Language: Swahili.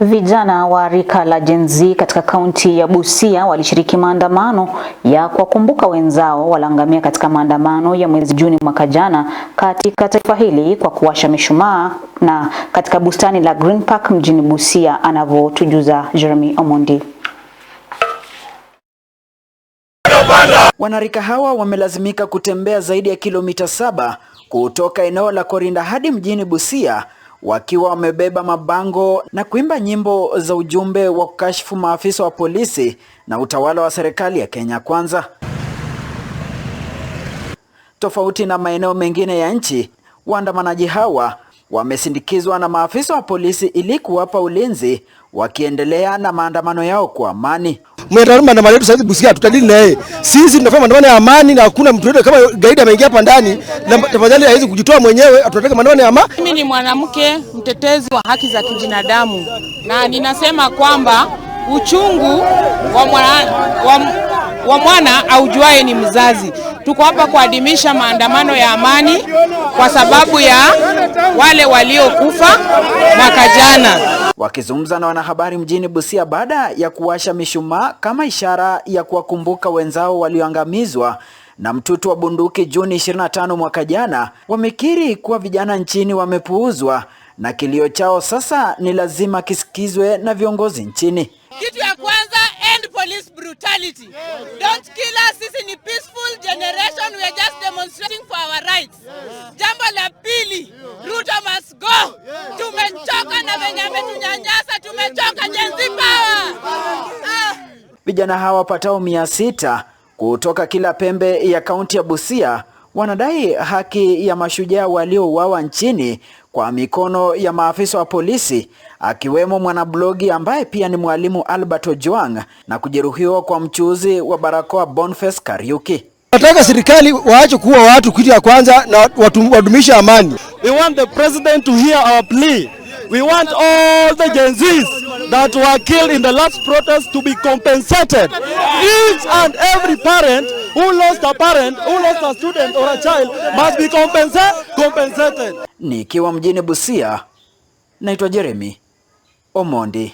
Vijana wa rika la Gen Z katika kaunti ya Busia walishiriki maandamano ya kuwakumbuka wenzao walioangamia katika maandamano ya mwezi Juni mwaka jana katika taifa hili kwa kuwasha mishumaa na katika bustani la Green Park mjini Busia, anavyotujuza Jeremy Omondi. Wanarika hawa wamelazimika kutembea zaidi ya kilomita saba kutoka eneo la Korinda hadi mjini Busia wakiwa wamebeba mabango na kuimba nyimbo za ujumbe wa kukashifu maafisa wa polisi na utawala wa serikali ya Kenya Kwanza. Tofauti na maeneo mengine ya nchi, waandamanaji hawa wamesindikizwa na maafisa wa polisi ili kuwapa ulinzi, wakiendelea na maandamano yao kwa amani mwenye maandamano yetu sasa Busia tutadili na yeye. Sisi tunafanya maandamano ya amani na hakuna mtu yote kama gaidi ameingia hapa ndani na tafadhali hawezi kujitoa mwenyewe. Tunataka maandamano ya amani. Mimi ni mwanamke mtetezi wa haki za kibinadamu na ninasema kwamba uchungu wa mwana, wa, wa mwana aujuae ni mzazi. Tuko hapa kuadhimisha maandamano ya amani kwa sababu ya wale waliokufa mwaka jana. Wakizungumza na wanahabari mjini Busia baada ya kuwasha mishumaa kama ishara ya kuwakumbuka wenzao walioangamizwa na mtutu wa bunduki Juni 25 mwaka jana, wamekiri kuwa vijana nchini wamepuuzwa na kilio chao sasa ni lazima kisikizwe na viongozi nchini. Kitu ya kwanza, end police brutality. Don't kill us, sisi ni peace generation we are just demonstrating for our rights. Jambo la pili, Ruto must go. Tumechoka na venye ametunyanyasa, tumechoka jenzi power. Ah. Vijana hawa wapatao mia sita kutoka kila pembe ya kaunti ya Busia wanadai haki ya mashujaa waliouawa nchini kwa mikono ya maafisa wa polisi akiwemo mwanablogi ambaye pia ni mwalimu Albert Ojwang na kujeruhiwa kwa mchuuzi wa barakoa Boniface Kariuki. Nataka serikali waache kuua watu kitu ya kwanza na wadumishe amani. We want the president to hear our plea. We want all the Gen Zs that were killed in the last protest to be compensated. Each and every parent who lost a parent, who lost a student or a child must be compensated, compensated. Nikiwa mjini Busia, naitwa Jeremy Omondi.